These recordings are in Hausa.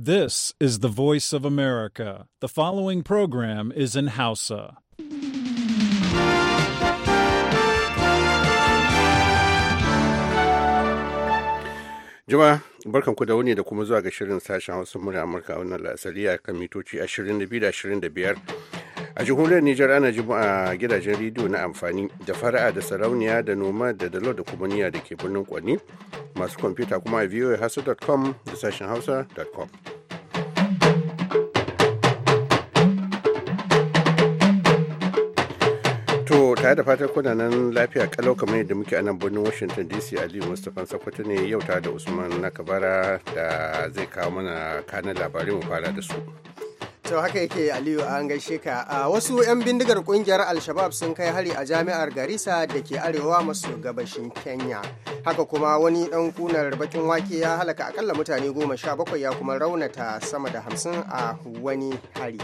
This is the voice of America. The following program is in Hausa. Jama'a barkanku da wuni da kuma zuwa ga shirin sashen Hausa murya Amurka a wannan la'asari a kan mitoci 22 da 25 a jihunar nijar ana jimu a gidajen rediyo na amfani da fara'a da sarauniya da noma da dalo da kuma da ke birnin kwani masu kwamfuta kuma a voahasu.com da sashen hausa.com to tare da fatan kuna nan lafiya kalau kamar yadda muke a nan birnin washington dc aliyu mustapha sakwato ne yau tare da usman na kabara da zai kawo mana kanan labarai mu fara da su to haka yake aliyu an gaishe ka a wasu 'yan bindigar kungiyar alshabab sun kai hari a jami'ar garissa da ke arewa maso gabashin kenya haka kuma wani dan kunar bakin wake ya halaka akalla mutane goma sha bakwai ya kuma raunata sama da hamsin a wani hari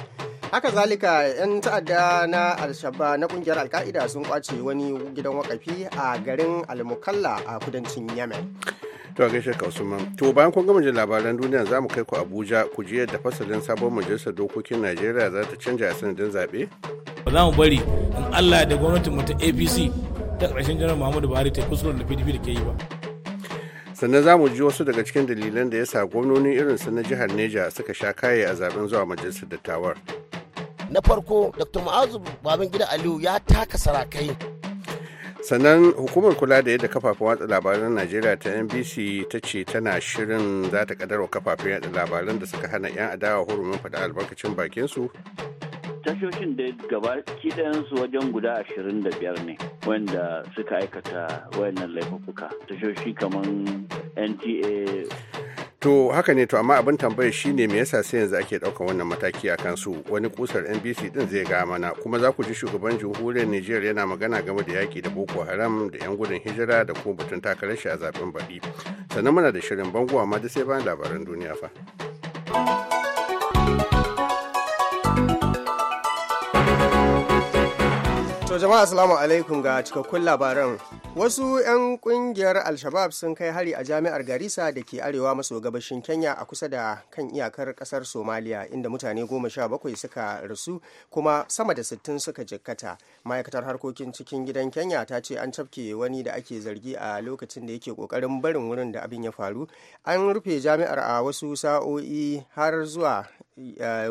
haka zalika 'yan ta'adda na alshabab na kungiyar alka'ida sun kwace wani gidan wakafi a garin almukalla a kudancin yemen To gaishe ka Usman. To bayan kun gama jin labaran duniya za mu kai ku Abuja ku ji yadda fasalin sabon majalisar dokokin Najeriya za ta canja a sanadin zaɓe. Ba za mu bari in Allah da gwamnatin mu ta APC ta ƙarshen janar Muhammadu Buhari ta kusur da PDP da ke yi ba. Sannan za mu ji wasu daga cikin dalilan da ya sa gwamnoni irin su na jihar Neja suka sha kaye a zaben zuwa majalisar dattawar. Na farko, Dr. Ma'azu Babangida Aliyu ya taka sarakai. sannan hukumar kula da yadda kafafen watsa labaran najeriya ta nbc ta ce tana shirin za ta kadarwa kafafen yada labaran da suka hana 'yan adawa hurumin faɗa albarkacin bakinsu tashoshin da gaba kidansu wajen guda 25 ne wanda suka aikata wayannan laifuka tashoshi kamar nta to haka ne to amma abin tambayar shine me yasa sai yanzu ake ɗaukar wannan mataki a kansu wani kusar nbc din zai ga mana kuma za ku ji shugaban jamhuriyar niger yana magana game da yaki da boko haram da yan gudun hijira da kuma batun takarar shi a zaben baɗi sannan muna da shirin bango amma da sai bayan labaran duniya fa to jama'a assalamu alaikum ga cikakkun labaran wasu 'yan kungiyar al-shabab sun kai hari a jami'ar garissa da ke arewa maso gabashin kenya a kusa da kan iyakar kasar somaliya inda mutane goma sha bakwai suka rasu kuma sama da sittin suka jikkata ma'aikatar harkokin cikin gidan kenya ta ce an cafke wani da ake zargi a lokacin da yake kokarin barin wurin da abin ya faru an rufe jami'ar a wasu sa'o'i har zuwa Eh,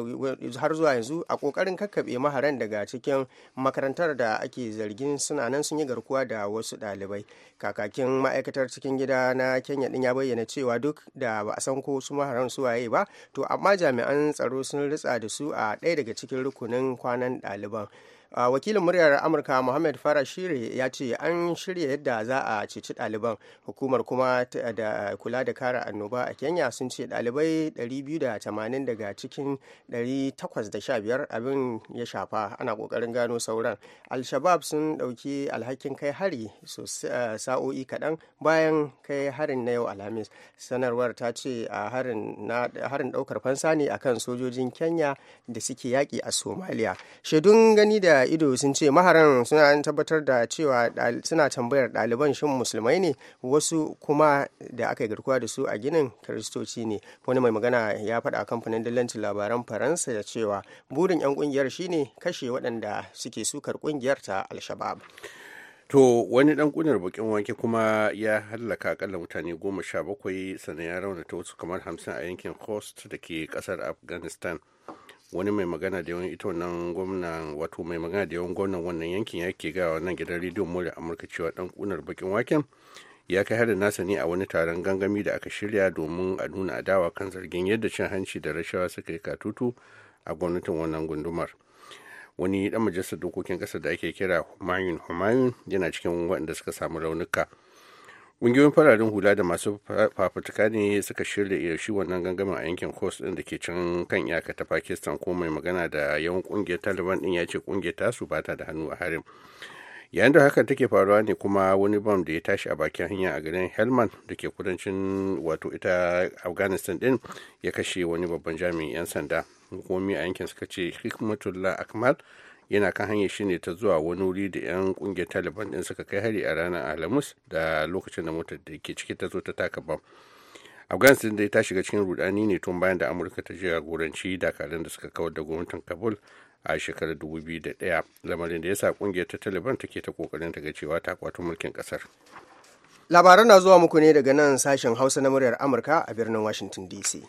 har zuwa yanzu a kokarin kakkaɓe maharan daga cikin makarantar da ake zargin suna nan sun yi garkuwa da wasu ɗalibai kakakin ma'aikatar cikin gida na kenya din ya bayyana cewa duk da ba a san ko su maharan su waye ba to amma jami'an tsaro sun ritsa da su a ɗaya daga cikin rukunin kwanan ɗaliban wakilin muryar amurka muhammad farashire shire ya ce an shirya yadda za a ceci ɗaliban hukumar kuma da kula da kara annoba a kenya sun ce ɗalibai 280 daga cikin 815 abin ya shafa ana ƙoƙarin gano sauran al-shabab sun ɗauki alhakin kai hari so, sa'o'i kaɗan bayan kai harin na yau alhamis sanarwar ta ce a harin ɗaukar fansa ne akan sojojin kenya da suke yaƙi a somalia shaidun gani da ido sun ce maharan suna tabbatar da cewa suna tambayar ɗaliban shin musulmai ne wasu kuma da aka yi garkuwa da su a ginin kiristoci ne wani mai magana ya faɗa a kamfanin dillancin labaran faransa da cewa burin 'yan kungiyar shine kashe waɗanda suke sukar kungiyar ta alshabab To wani dan kunar bakin wanke kuma ya hallaka akalla mutane goma sha bakwai sannan ya raunata wasu kamar hamsin a yankin host da ke kasar Afghanistan. wani mai magana da yawan ita wannan gwamnan wato mai magana da yawan gwamnan wannan yankin ya ke gawa wannan gidan rediyon mole amurka cewa dan kunar bakin waken ya kai har da nasa ne a wani taron gangami da aka shirya domin a nuna adawa kan zargin yadda cin hanci da rashawa suka yi katutu a gwamnatin wannan gundumar wani dan majalisar dokokin kasa da ake kira humayun humayun yana cikin waɗanda suka samu raunuka ƙungiyoyin fararen hula da masu fafutuka ne suka shirya shi wannan gangamin a yankin kos ɗin da ke can kan iyaka ta pakistan ko mai magana da yawan ƙungiyar taliban ɗin ya ce ƙungiyar tasu ba ta da hannu a harin yayin da hakan take faruwa ne kuma wani bam da ya tashi a bakin hanya a garin helman da ke kudancin wato ita afghanistan ɗin ya kashe wani babban jami'in 'yan sanda hukumomi a yankin suka ce hikmatullah akmal yana kan hanyar shi ne ta zuwa wani wuri da 'yan kungiyar taliban din suka kai hari a ranar alhamis da lokacin da motar da ke ciki ta zo ta taka bam afghanistan dai ta shiga cikin rudani ne tun bayan da amurka ta goranci dakarun da suka kawar da gwamnatin kabul a shekarar 2001 lamarin da ya sa kungiyar ta taliban take ta kokarin ta cewa ta kwato mulkin kasar labaran na zuwa muku ne daga nan sashen hausa na muryar amurka a birnin washington dc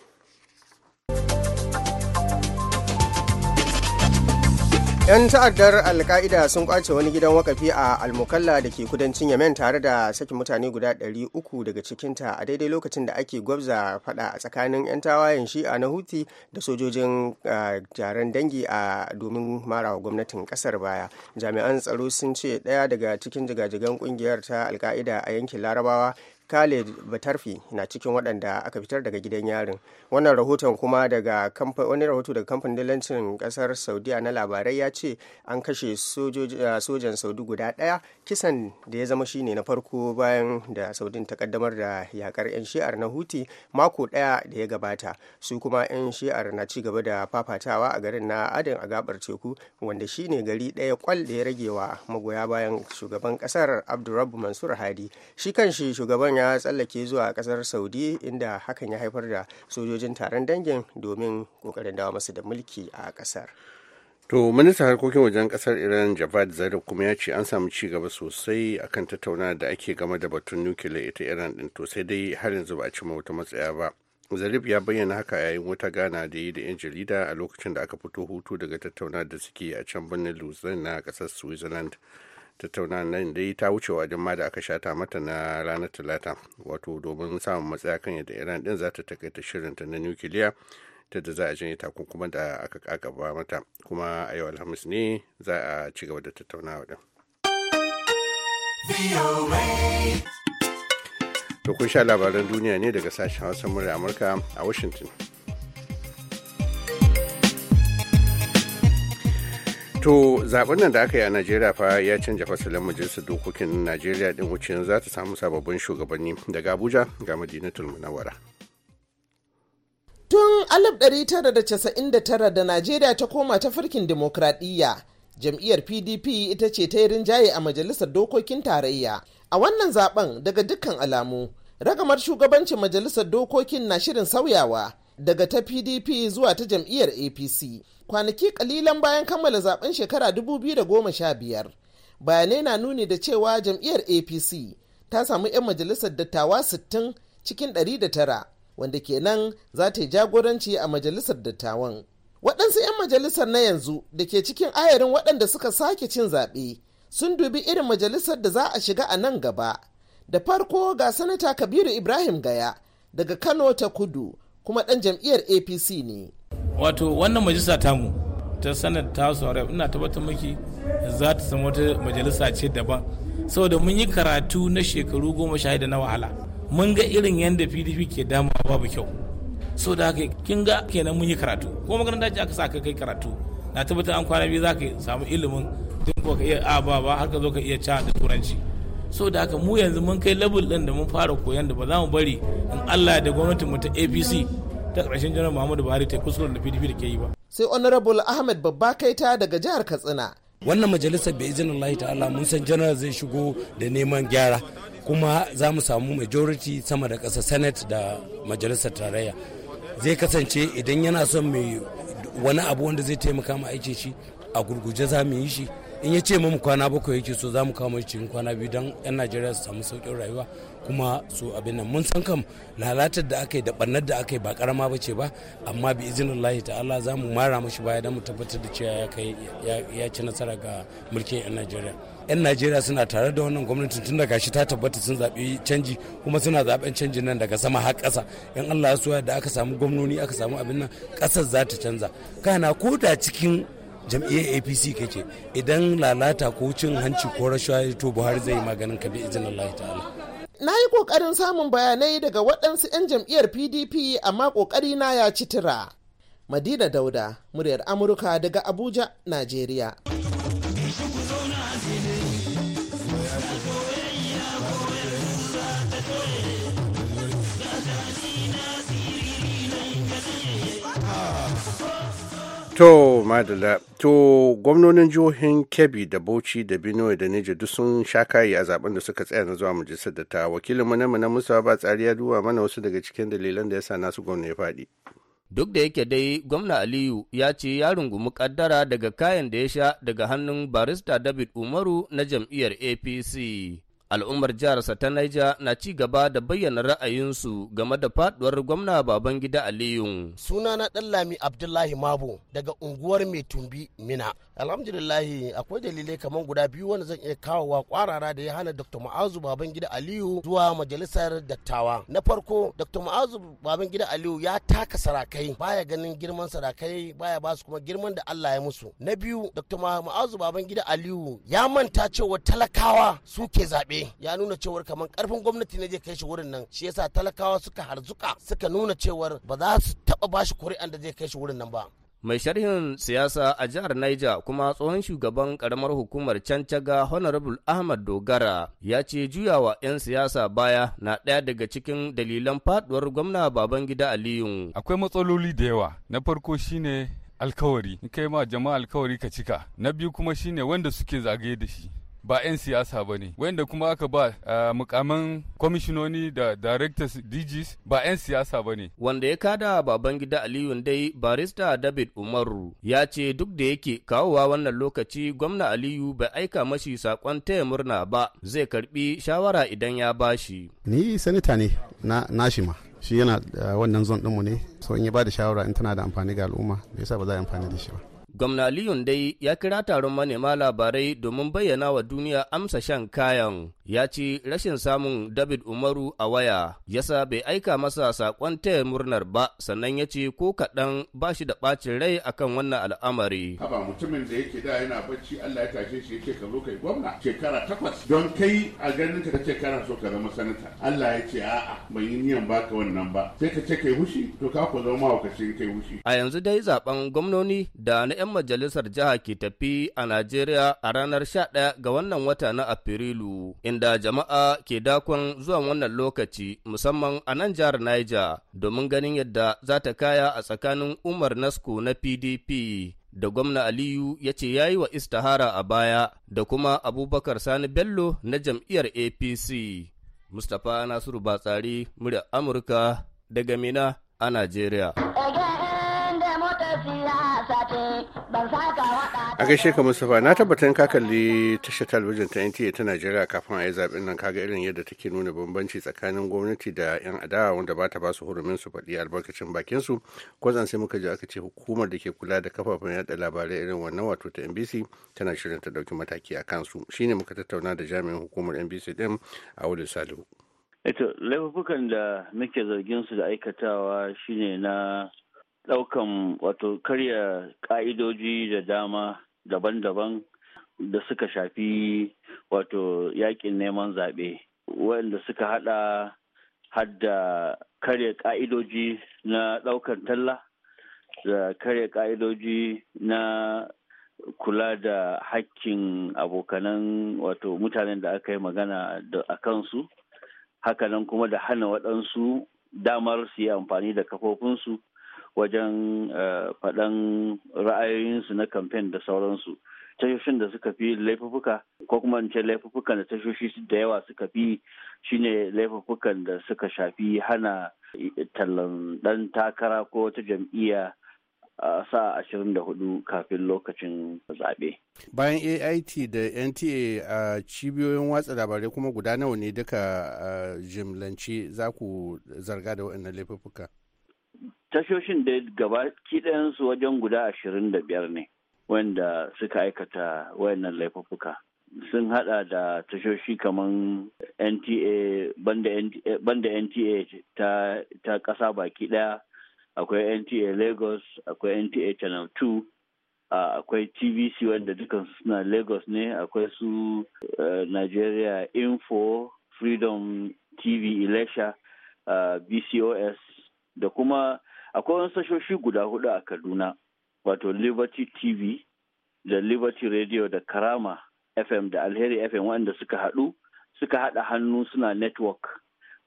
'yan ta'addar alka'ida sun kwace wani gidan wakafi a almukalla da ke kudancin yamen tare da sakin mutane guda 300 daga cikinta a daidai lokacin da ake gwabza fada a tsakanin 'yan tawayen shi'a na huti da sojojin eh, jaran dangi a domin marawa gwamnatin kasar baya jami'an tsaro sun ce daya daga cikin jigajigan kungiyar ta alka'ida a yankin larabawa Khaled Batarfi na cikin waɗanda aka fitar daga gidan yarin. Wannan rahoton kuma daga wani rahoto daga kamfanin dalancin ƙasar Saudiya na labarai ya ce an kashe sojan Saudi guda ɗaya kisan da ya zama shine na farko bayan da saudi ta kaddamar da yakar 'yan shi'ar na Huti mako ɗaya da ya gabata. Su kuma 'yan shi'ar na ci gaba da fafatawa a garin na adin a gabar teku wanda shine gari ɗaya kwal da ya rage wa magoya bayan shugaban ƙasar Abdurrabbu Mansur Hadi. Shi kan shi shugaban ya tsallake zuwa kasar saudi inda hakan ya haifar da sojojin taron dangin domin kokarin dawa masu da mulki a kasar to ministan harkokin wajen kasar iran javad zarif kuma ya ce an samu ci gaba sosai akan tattauna da ake game da batun nukiliya ita iran din to sai dai har yanzu ba a ma wata matsaya ba zarif ya bayyana haka yayin wata gana da yi da 'yan jarida a lokacin da aka fito hutu daga tattauna da suke a can birnin luzern na kasar switzerland tattauna nan dai ta wuce wa mada da aka shata mata na ranar talata wato domin samun matsaya kan yadda iran din za ta takaita shirinta na nukiliya ta da za a janye takunkuman da aka kakaba mata kuma a yau alhamis ne za a ci gaba da tattaunawa din. To sha labaran duniya ne daga sashen Hausa murya Amurka a Washington. To zaben nan da aka yi a Najeriya fa ya canja fasalin majalisar dokokin Najeriya din wuce? za ta samu sababbin shugabanni daga Abuja ga Madinatul Munawwara. Tun 1999 da Najeriya ta koma ta farkin demokradiyya jam'iyyar PDP ita ce ta yi rinjaye a majalisar dokokin tarayya. A wannan zaben daga dukkan alamu, ragamar shugabancin majalisar dokokin na shirin sauyawa. daga ta pdp zuwa ta jam'iyyar apc kwanaki kalilan bayan kammala zaben shekara 2015 bayanai na nuni da cewa jam'iyyar apc ta samu 'yan majalisar dattawa 60 cikin 109 wanda kenan za ta yi jagoranci a majalisar dattawan waɗansu 'yan majalisar na yanzu da ke cikin ayarin waɗanda suka sake cin zaɓe sun dubi irin majalisar da za a shiga a nan gaba da farko ga sanata kabiru ibrahim gaya daga kano ta kudu kuma ɗan jam'iyyar apc ne wato wannan majalisa tamu ta sanar ta saurari ina tabbatar maki za ta samu wata majalisa ce daban saboda mun yi karatu na shekaru goma sha da na wahala mun ga irin yadda pdp ke dama babu kyau so da haka kin ga kenan mun yi karatu ko makaranta ce aka sa ka kai karatu na tabbatar an kwana biyu za ka samu ilimin ko ka iya a ba har ka zo ka iya ca da turanci so da haka mu yanzu mun kai level din da mun fara koyan da ba za mu bari in Allah da gwamnatin mu ta APC ta ƙarshen janar Muhammadu Buhari ta kuskuren da PDP da ke yi ba sai honorable Ahmed babba kaita daga jihar Katsina wannan majalisar bai izinin Allah ta'ala mun san janar zai shigo da neman gyara kuma za mu samu majority sama da ƙasa senate da majalisar tarayya zai kasance idan yana son mai wani abu wanda zai taimaka mu aice shi a gurguje za mu yi shi in ya ce mamu kwana bakwai yake so za mu kawo mai cikin kwana biyu don 'yan najeriya su samu sauƙin rayuwa kuma su abin nan mun san kam lalatar da aka yi da barnar da aka yi ba ƙarama ba ce ba amma bi izinin lahi ta'ala za mu mara mashi baya don mu tabbatar da cewa ya kai ya ci nasara ga mulkin 'yan najeriya 'yan najeriya suna tare da wannan gwamnatin tun daga shi ta tabbata sun zaɓi canji kuma suna zaɓen canji nan daga sama har ƙasa in allah ya soya da aka samu gwamnoni aka samu abin nan ƙasar za ta canza kana ko da cikin jam'iyyar apc kake idan lalata ko cin hanci ko rashawa to buhari zai maganin ka bi izinin allah ta'ala na yi kokarin samun bayanai daga waɗansu 'yan jam'iyyar pdp amma kokari na ya ci tira madina dauda muryar amurka daga abuja najeriya To, Madala to gwamnonin jihohin Kebbi da Bauchi da Benue da Niger duk sun sha kayi a zaben da suka tsaya na zuwa majalisar da ta wakilin mu na mu na Musa ba tsariya duba mana wasu daga cikin dalilan da ya sa nasu gwamna ya faɗi. Duk da yake dai gwamna Aliyu ya ce ya rungumi kaddara daga kayan da ya sha daga hannun barista David Umaru na jam'iyyar APC. al'ummar jiharsa ta Niger na ci gaba da bayyana ra'ayinsu game da faduwar gwamna Babangida Aliyu. Sunana Ɗanlami Abdullahi Mabo daga unguwar Mai Tumbi Mina. Alhamdulillah akwai dalilai kamar guda biyu wanda zan iya kawo wa kwarara da ya hana Dr. Ma'azu Babangida Aliyu zuwa majalisar dattawa. Na farko Dr. Ma'azu Babangida Aliyu ya taka sarakai baya ganin girman sarakai baya ba su kuma girman da Allah ya musu. Na biyu Dr. Ma'azu Babangida Aliyu ya manta cewa talakawa suke zaɓe. ya nuna cewar kamar karfin gwamnati ne zai kai shi wurin nan shi yasa talakawa suka harzuka suka nuna cewar ba za su taba bashi kuri'an da zai kai shi wurin nan ba. Mai sharhin siyasa a jihar Niger kuma tsohon shugaban karamar hukumar Cancaga Honorable Ahmad Dogara ya ce juyawa 'yan siyasa baya na ɗaya daga cikin dalilan faduwar gwamna Babangida Aliyu. Akwai matsaloli da yawa. Na farko shine alkawari. In kai ma jama'a alkawari ka cika. Na biyu kuma shine wanda suke zagaye da shi. ba 'yan siyasa ba ne wanda kuma aka ba mukaman kwamishinoni da directors dgs ba 'yan siyasa ba ne wanda ya kada baban gida aliyun dai barista david umaru ya ce duk da yake kawowa wannan lokaci gwamna aliyu bai aika mashi sakon taya murna ba zai karbi shawara idan ya bashi ni sanita ne na nashima shi yana wannan zon ɗinmu ne so in ya ba da shawara in tana da amfani ga al'umma bai sa ba za a amfani da shi ba Gwamna Liyun dai ya kira taron manema labarai domin bayyana wa duniya amsa shan kayan ya ci rashin samun David Umaru a waya yasa bai aika masa saƙon taya murnar ba sannan ya ce ko kaɗan ba shi da ɓacin rai akan wannan al'amari. Haba mutumin da yake da yana bacci Allah ya tashe shi yake ka zo kai gwamna shekara takwas don kai a ganin ka ce kana so ka zama sanata. Allah ya ce a'a ban yi niyan ba ka wannan ba sai ka ce kai hushi to ka ku zama mahaukacin kai hushi. A yanzu dai zaben gwamnoni da na 'yan majalisar jiha ke tafi a Najeriya a ranar 11 ga wannan wata na Afrilu. inda jama'a ke dakon zuwa wannan lokaci musamman a nan jihar Niger domin ganin yadda za ta kaya a tsakanin Umar Nasko na PDP da gwamna Aliyu ya ce ya yi wa istahara a baya da kuma Abubakar Sani Bello na jam'iyyar APC. Mustapha Nasiru Batsari, murya Amurka daga Mina a Najeriya. a gaishe ka mustapha na tabbatar ka kalli tashar talabijin ta nta ta najeriya kafin a yi zaɓen nan kaga irin yadda take nuna bambanci tsakanin gwamnati da 'yan adawa wanda ba ta ba su hurumin su faɗi albarkacin bakin su zan sai muka ji aka ce hukumar da ke kula da kafafen yada labarai irin wannan wato ta nbc tana shirin ta ɗauki mataki a kansu shine muka tattauna da jami'in hukumar nbc din a wuli salihu. ito eh laifukan da muke zargin su da aikatawa shine na Daukan wato karya ka'idoji da dama daban-daban da suka shafi wato yakin neman zaɓe wanda suka hada hadda karya ka'idoji na ɗaukan talla da karya ka'idoji na kula da hakkin abokanan wato mutanen da aka yi magana a kansu hakanan kuma da hana waɗansu damar su yi amfani da kafofinsu wajen eh, faɗan ra'ayoyinsu na kamfen da sauransu tashoshin da suka fi laifuka ko kuma in ce laifukan da tashoshi da yawa suka fi shine laifukan da suka shafi hana eh, tallan dan takara ko ta jam'iyya a sa 24 kafin lokacin zaɓe. Bayan AIT da NTA a cibiyoyin watsa labarai kuma guda nawa ne duka jimlance za ku zarga da waɗannan laifuka? tashoshin da gaba su wajen guda ashirin da biyar ne wanda suka aikata wayannan laifuffuka sun hada da tashoshi kamar nta banda nta ta, ta kasa baki daya akwai nta lagos akwai nta channel 2 akwai tvc wanda dukansu suna lagos ne akwai su nigeria info freedom tv ilesha bcos da kuma akwai wasu tashoshi guda hudu a kaduna wato liberty tv da liberty radio da karama fm da alheri fm wanda suka haɗu suka haɗa hannu suna network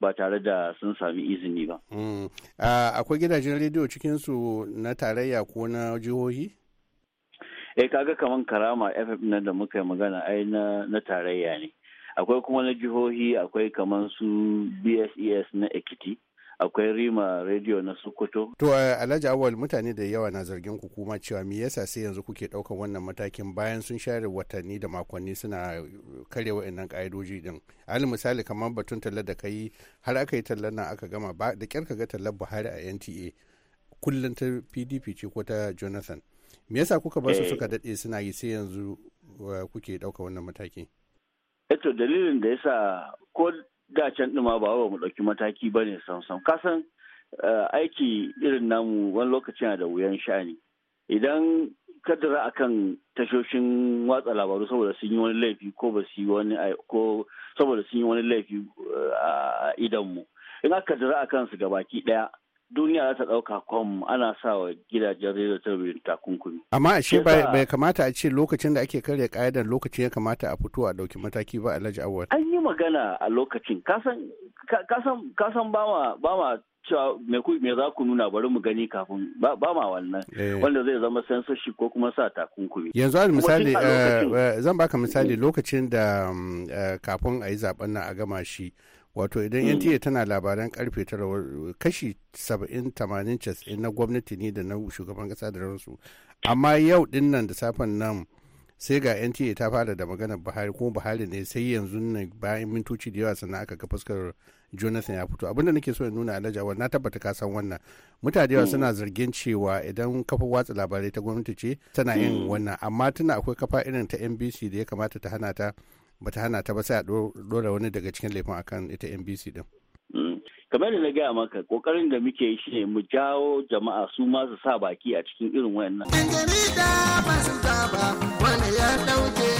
ba tare da sun sami izini ba. Mm. akwai gidajen rediyo cikinsu na tarayya ko na jihohi? eh kaga kaman karama fm nan da muka yi magana ai na, tarayya ne akwai kuma na jihohi akwai kaman su bses e na ekiti akwai rima radio na sokoto to eh, alhaji awal mutane da yawa na zargin ku kuma cewa me yasa sai yanzu kuke ɗaukar wannan matakin bayan sun share watanni da makonni suna kare wa'annan ka'idoji din al misali kamar batun tallar da kai har aka yi tallar nan aka gama ba da kyar ga tallar buhari a nta kullum ta pdp ce ko ta jonathan me yasa kuka ba su eh. suka daɗe suna yi sai yanzu kuke ɗauka wannan mataki eto eh, dalilin da yasa ko da can ɗima ba wa mu ɗauki mataki ba ne samsam kasan eh, aiki irin namu wani lokaci yana da wuyan sha'ani idan kaddara kan tashoshin watsa labaru saboda sun yi wani laifi ko ba su yi wani eh, ko saboda sun yi wani laifi eh, a idanmu in aka kaddara akan su gabaki ɗaya duniya za ta ɗauka kwam ana sa wa gidajen rediyo talabijin takunkumi. Amma ashe bai kamata a ce lokacin da ake karya ƙa'idar lokacin ya kamata a fito a ɗauki mataki ba a laji awar. An yi magana a lokacin kasan kasan ba ma cewa me ku me za ku nuna bari mu gani kafin ba ma wannan eh. wanda zai zama censorship ko kuma sa takunkumi yanzu al misali eh, eh, zan baka misali lokacin da mm, kafin a yi zaben nan a gama shi wato idan hmm. nta tana labaran karfe tara kashi saba'in tamanin 80 na gwamnati ne da na shugaban kasa da ransu amma yau din da safan nan sai ga nta ta fara da magana buhari kuma buhari ne sai yanzu nan bayan mintoci da yawa sannan aka ga fuskar jonathan ya fito abinda nake so in nuna alhaji na tabbata ka san wannan mutane yawa hmm. suna zargin cewa idan kafa watsa labarai ta gwamnati ce tana yin hmm. wannan amma tana akwai kafa irin ta nbc da ya kamata ta hana ta bata hana ta ba sai a dora wani daga cikin laifin akan ita NBC din. Mm. kamar da na gaya maka kokarin da muke yi shine mu jawo jama'a su ma su sa baki a cikin irin wayannan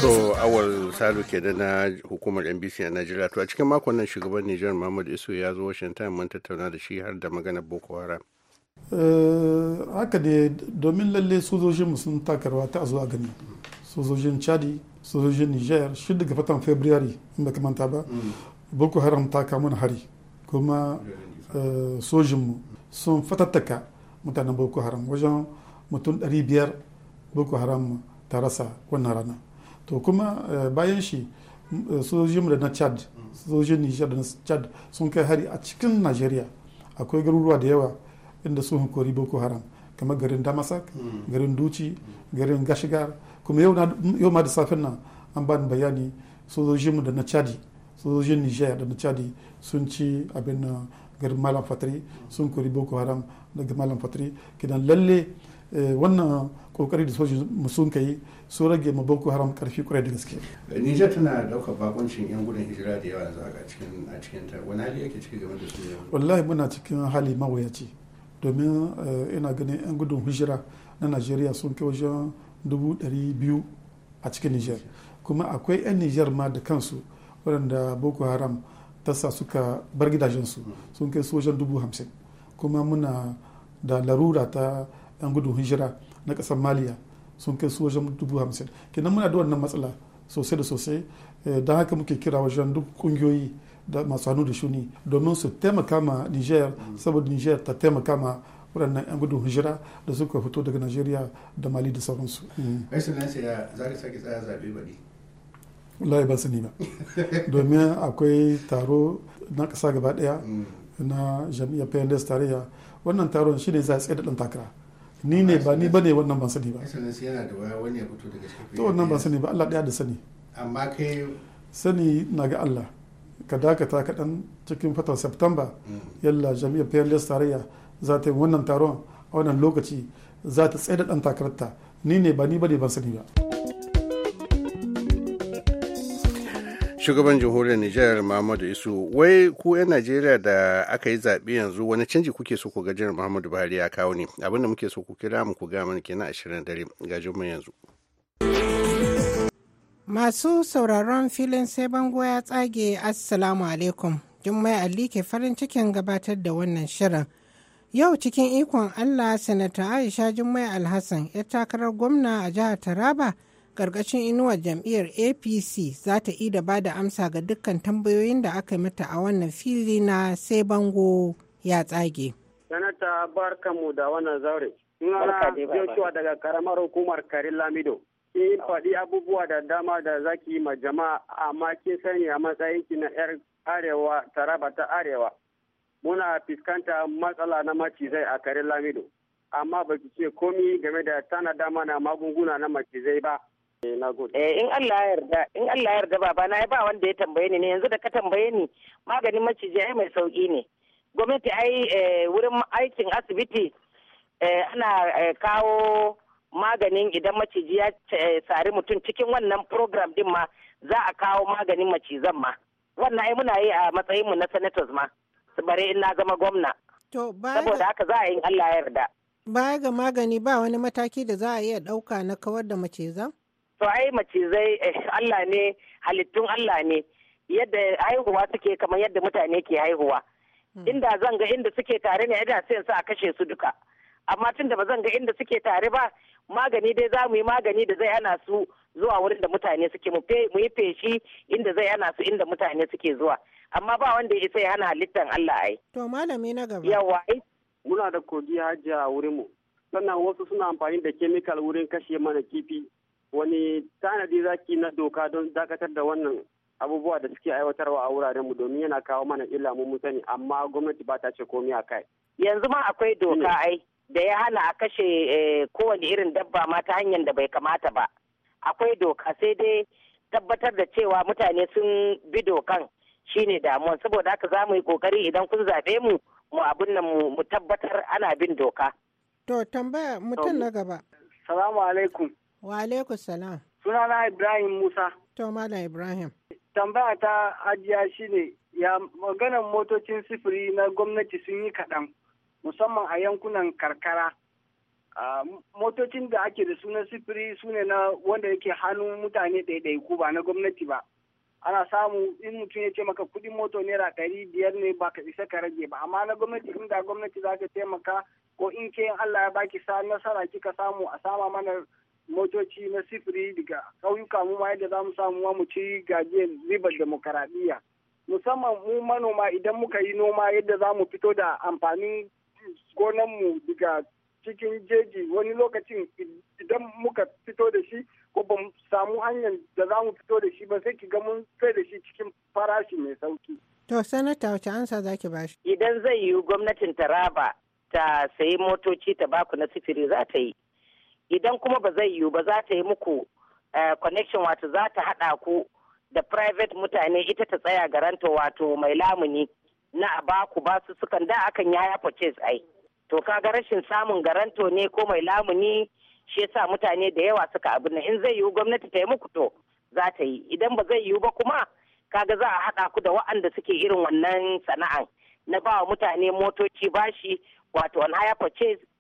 to awal salu ke da na hukumar NBC a Najeriya to a cikin makon nan shugaban Nijar Muhammad Isu ya zo Washington mun tattauna da shi har da magana Boko Haram eh, haka da domin lalle sojojin mu sun takarwa ta zuwa gani sojojin Chadi sojojin niger shida ga fatan february inda ka manta ba mm. boko haram ta kama hari kuma eh, sojinmu sun fatattaka mutanen boko haram wajen mutum 500 boko haram ta rasa wannan rana to kuma eh, bayan shi eh, sojojinmu da na chad sojojin niger da na chad sun kai hari a cikin nigeria akwai garuruwa da yawa inda sun kori boko haram kamar garin damasak mm. garin duci garin gashigar kuma yau ma da safin nan an bani bayani mu da na chadi sojojin niger da na chadi sun ci abin na garin malam fatri sun kori boko haram daga malam fatri kidan lalle eh, wannan kokari da mu sun kai su rage ma boko haram karfi kurai da gaske niger tana daukar bakuncin yan gudun hijira da yawa yanzu a cikin a cikin ta wani hali yake ciki game da su wallahi muna cikin hali mawuyaci domin eh, ina ganin yan gudun hijira na najeriya sun kai wajen 200,000 a cikin niger kuma akwai 'yan niger ma da kansu waɗanda boko haram ta sa suka bar gidajensu sun kai sojan 50,000 kuma muna da larura ta 'yan gudun hijira na ƙasar maliya sun kai sojan 50,000 kenan muna da wannan matsala sosai da sosai eh, don haka muke kira wajen duk ƙungiyoyi da masu hannu da shuni domin su taimaka ma niger saboda niger ta taimaka ma waɗannan 'yan gudun hijira da suka fito daga najeriya da mali da sauransu mm. za ka sake tsaya zaɓe wallahi ban sani ba domin akwai taro na ƙasa gaba ɗaya mm. na jami'a pnds tarayya wannan taron shi ne za a tsaye da takara ni ne ba ni ba ne wannan ban sani ba to wannan ban sani ba allah ɗaya da sani amma kai sani na ga allah ka dakata kaɗan cikin fatar september mm. yalla jami'a pnds tarayya za ta yi wannan taron a wannan lokaci za ta tsaye da ɗan takararta ni ne ba ni ba ne ban sani ba. shugaban jamhuriyar Nijar Muhammadu Isu wai ku 'yan Najeriya da aka yi zaɓe yanzu wani canji kuke so ku gajiyar Muhammadu Buhari ya kawo ne abinda muke so ku kira mu ku ga mana kenan ashirin dare gajin mu yanzu. Masu sauraron filin sai bango ya tsage Assalamu alaikum Jummai Ali ke farin cikin gabatar da wannan shirin Yau cikin ikon Allah Sanata Aisha Jummai Alhassan ya takarar gwamna a jihar Taraba ƙarƙashin inuwar jam'iyyar APC za ta da ba amsa ga dukkan tambayoyin da aka mata a wannan fili na sai bango ya tsage. Sanata mu da wannan zaure. Sunana Joshua daga karamar hukumar Karin Lamido. Kin faɗi abubuwa da dama da zaki yi ma jama'a amma kin sani a matsayin na 'yar arewa taraba ta arewa. muna fuskanta matsala na macizai a karen lamido amma ba ki ce komi game da tana dama na magunguna na macizai ba eh, eh, in Allah yarda in Allah yarda baba na ba wanda ya tambaye ni ne yanzu da ka tambaye ni maganin maciji mai sauki ne gwamnati ai eh, wurin aikin asibiti ana kawo maganin idan maciji ya sari mutum cikin wannan program din ma za a kawo maganin macizan ma wannan ai muna yi a matsayinmu na senators ma bare in na zama gwamna saboda haka za a yi Allah yarda baya ga magani ba wani mataki da za a iya ɗauka na kawar da maciza? to ai macizai eh, Allah ne halittun Allah ne yadda haihuwa suke kamar yadda mutane ke haihuwa hmm. inda zan ga inda suke tare ne ina sai sa a kashe su duka amma tun da ba zan ga inda suke tare ba magani dai za mu yi magani da zai ana su zuwa wurin da mutane suke mu yi feshi inda zai ana su inda mutane suke zuwa amma ba wanda ya isa ya hana halittar Allah ai. To malami na gaba. Yawa muna da kogi hajji a wurin mu. Sannan wasu suna amfani da kemikal wurin kashe mana kifi. Wani tanadi zaki na doka don dakatar da wannan abubuwa da suke aiwatarwa a wuraren mu domin yana kawo mana illa mu sani amma gwamnati ba ta ce komai a kai. Yanzu ma akwai doka ai da ya hana a kashe eh, kowane irin dabba ma ta hanyar da bai kamata ba. Akwai doka sai dai tabbatar da cewa mutane sun bi dokan shine damuwa saboda haka za mu yi kokari idan kun zabe mu mu abin nan mu tabbatar ana bin doka to tambaya mutum na gaba salamu alaikum wa alaikum salam sunana ibrahim musa to malam ibrahim tambaya ta ajiya shine ya maganar motocin sifiri na gwamnati sun yi kaɗan musamman a yankunan karkara motocin da ake da sunan sifiri sune na wanda yake hannun mutane ɗaiɗaiku ba na gwamnati ba ana samu in mutum ya ce maka kudin moto naira ɗari biyar ne ba ka isa ka rage ba amma na gwamnati inda gwamnati za ta taimaka ko in ke Allah ya baki sa nasara kika samu a sama mana motoci na sifiri daga ƙauyuka mu ma yadda za mu samu mu ci gajiyar ribar demokaradiyya musamman mu manoma idan muka yi noma yadda za mu fito da amfanin mu daga cikin jeji wani lokacin idan muka fito da shi ko ba mu samu hanyar da za mu fito da shi ba sai ki ga mun kai da shi cikin farashi mai sauki. To sanata wace ansa za ki bashi? Idan zai yi gwamnatin Taraba ta sayi motoci ta baku na sifiri za ta yi. Idan kuma ba zai yiwu ba za ta yi muku eh, connection wato za ta haɗa ku da private mutane ita ta tsaya garanta wato mai lamuni na abaku ba su sukan da akan yaya purchase ai. To kaga rashin samun garanto ne ko mai lamuni shi yasa mutane da yawa suka abin na in zai yiwu gwamnati ta yi muku to za ta yi idan ba zai yiwu ba kuma kaga za a haɗa ku da wa'anda suke irin wannan sana'an na ba mutane motoci bashi wato on haya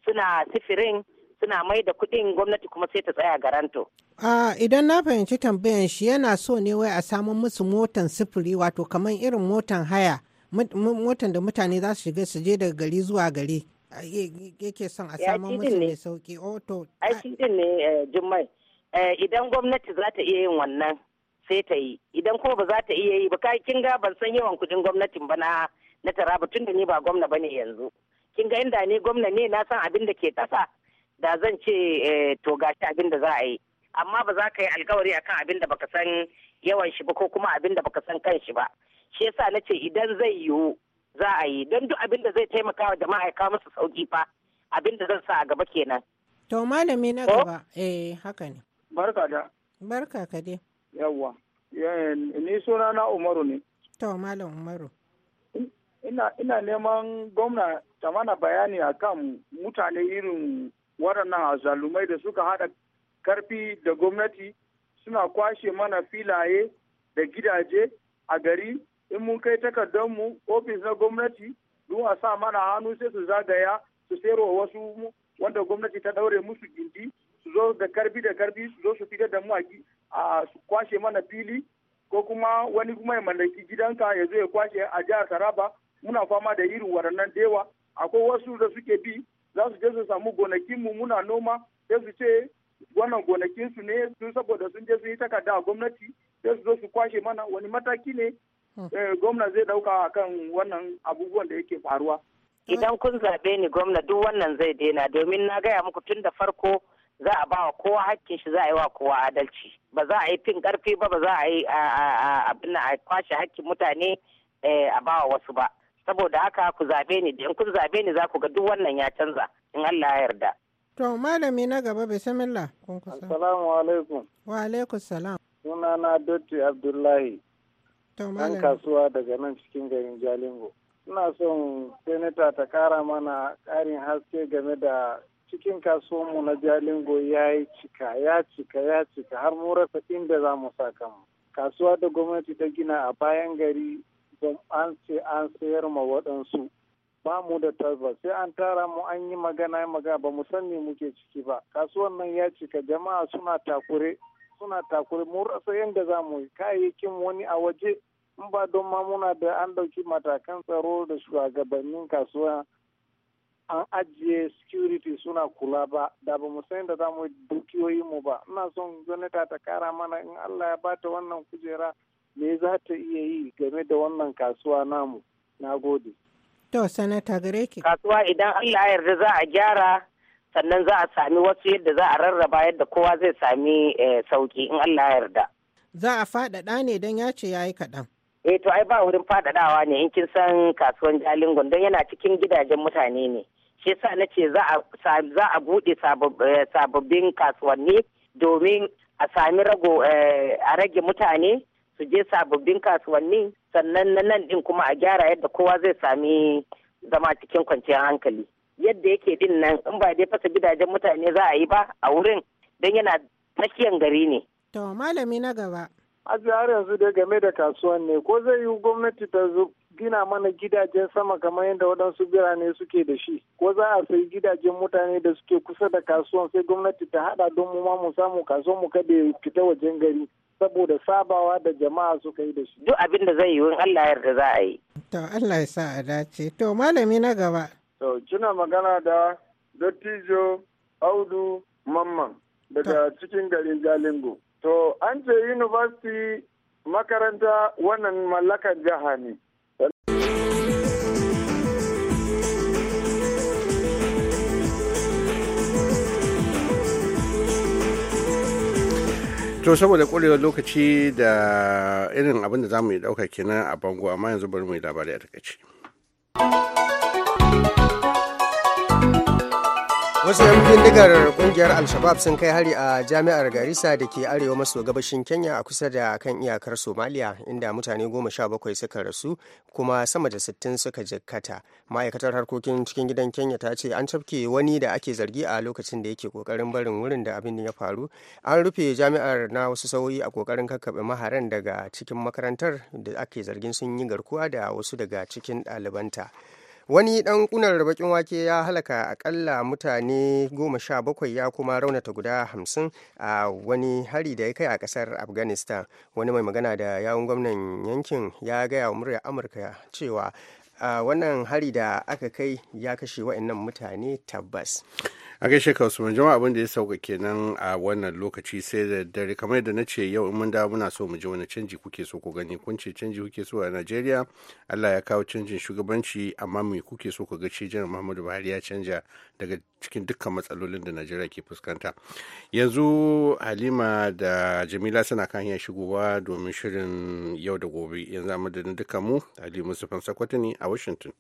suna sifirin suna mai da kuɗin gwamnati kuma sai ta tsaya garanto. a idan na fahimci tambayan shi yana so ne wai a samu musu motan sifiri wato kamar irin motan haya motan da mutane za su shiga su je daga gari zuwa gari. yake son a samu musu mai sauki oto a din ne oh, eh, jummai eh, idan gwamnati za ta iya yin wannan sai ta yi idan kuma ba za ta iya yi ba kai kin ga ban san yawan kudin gwamnatin ba na na taraba tun da ni ba gwamna ba ne yanzu kin ga inda ne gwamna ne na san abin da ke kasa da zan ce eh, to gashi abin da za a yi amma ba za ka yi alkawari akan abin da baka san yawan shi ba ko kuma abin da baka san kan shi ba shi yasa na ce idan zai yiwu za a yi don duk abin da zai taimaka wa jama'a ya kawo musu sauki fa abin da zan sa a gaba kenan. To malami na gaba eh haka ne. Barka da. Barka ka dai. Yawwa. Ni suna na Umaru ne. To malam Umaru. Ina ina neman gwamna ta mana bayani akan mutane irin waɗannan azalumai da suka haɗa karfi da gwamnati suna kwashe mana filaye da gidaje a gari in mun kai mu ofis na gwamnati don a sa mana hannu sai su zagaya su sayarwa wasu wanda gwamnati ta daure musu gindi su zo da karbi da karbi su zo su fitar da mu a su kwashe mana fili ko kuma wani kuma ya mallaki gidanka ya zo ya kwashe a jihar taraba muna fama da irin waɗannan dewa akwai wasu da suke bi za su je su samu gonakinmu muna noma sai su ce wannan gonakinsu ne sun saboda sun je sun yi takarda a gwamnati sai su zo su kwashe mana wani mataki ne Eh, gwamna zai dauka kan wannan abubuwan da yake faruwa idan kun zaɓe ni gwamna duk wannan zai daina domin na gaya muku tun da farko za a ba kowa hakkin shi za a yi wa kowa adalci ba za a yi fin karfi ba ba za a yi abin a kwashe hakkin mutane eh, a ba wasu ba saboda haka ku zabe ni in kun zaɓe ni za ku ga duk wannan ya canza in Allah ya yarda to malami na gaba bismillah kun kusa assalamu alaikum wa alaikum salam sunana dotti abdullahi ɗan kasuwa daga nan cikin garin jalingo ina son senata ta kara mana karin haske game da cikin kasuwanmu na jalingo ya yi cika ya cika ya cika har mu rasa inda za mu sa kanmu kasuwa da gwamnati ta gina a bayan gari don an ce an sayar ma waɗansu ba mu da tabbas sai an tara mu an yi magana maga ba mu san me muke ciki ba kasuwan nan ya cika jama'a suna takure suna takure mu rasa yadda za mu yi kayayyakin wani a waje in ba don ma muna da an dauki matakan tsaro da shugabannin kasuwa an ajiye security suna kula ba da ba mu san da za mu dukiyoyi mu ba ina son gwamnati ta kara mana in Allah ya bata wannan kujera me za ta iya yi game da wannan kasuwa namu na to sanata gare ki kasuwa idan Allah ya yarda za a gyara sannan za a sami wasu yadda za a rarraba yadda kowa zai sami eh, sauki in Allah ya yarda za a faɗaɗa ne don ya ce ya yi kaɗan eh to ai ba wurin fadadawa ne in kin san kasuwan jalingo don yana cikin gidajen mutane ne shi yasa na ce za a bude eh, sababbin kasuwanni domin a sami rago eh, a rage mutane su je sababbin kasuwanni sannan na nan din kuma a gyara yadda kowa zai sami zama cikin kwanciyar hankali yadda yake din nan in ba dai fasa gidajen mutane za a yi ba a wurin don yana tsakiyar gari ne to malami na gaba Hajji har yanzu dai game da kasuwan ne ko zai yi gwamnati ta gina mana gidajen sama kamar yadda waɗansu birane suke da shi ko za a sayi gidajen mutane da suke kusa da kasuwan sai gwamnati ta haɗa don mu ma mu samu kasuwan mu kada ya fita wajen gari saboda sabawa da jama'a suka yi da shi. Duk abin da zai yi in Allah yarda za a yi. To Allah ya sa a dace. To malami na gaba. To kina magana da Dattijo Audu Mamman daga cikin garin Jalingo. To an ce university makaranta wannan mallakan jiha ne. to saboda kurewar lokaci da irin abin da za mu yi ɗauka kenan a bango amma yanzu bari mu yi labari a takaice. wasu yan bindigar kungiyar al-shabab sun kai hari a jami'ar garissa da ke arewa maso gabashin kenya a kusa da kan iyakar somalia inda mutane goma sha bakwai suka rasu kuma sama da sittin suka jikkata ma'aikatar harkokin cikin gidan kenya ta ce an cafke wani da ake zargi a lokacin da yake kokarin barin wurin da abin ya faru an rufe jami'ar na wasu sauyi a kokarin kakkaɓe maharan daga cikin makarantar da ake zargin sun yi garkuwa da wasu daga cikin ɗalibanta wani dan kunar bakin wake ya halaka akalla mutane goma sha bakwai ya kuma raunata guda hamsin a wani hari da ya kai a kasar afghanistan wani mai magana da yawun gwamnan yankin ya gaya wa murya amurka cewa wannan hari da aka kai ya kashe wa'annan mutane tabbas a gaishe ka usman jama'a abin da ya sauka kenan a wannan lokaci sai da dare kamar da na ce yau in mun dawo muna so mu ji wani canji kuke so ku gani kun ce canji kuke so a Najeriya Allah ya kawo canjin shugabanci amma me kuke so ku ga shi janar Muhammadu Buhari ya canja daga cikin dukkan matsalolin da Najeriya ke fuskanta yanzu Halima da Jamila suna kan hanyar shigowa domin shirin yau da gobe yanzu a madadin dukkan mu Halima Sufan Sakwatani a Washington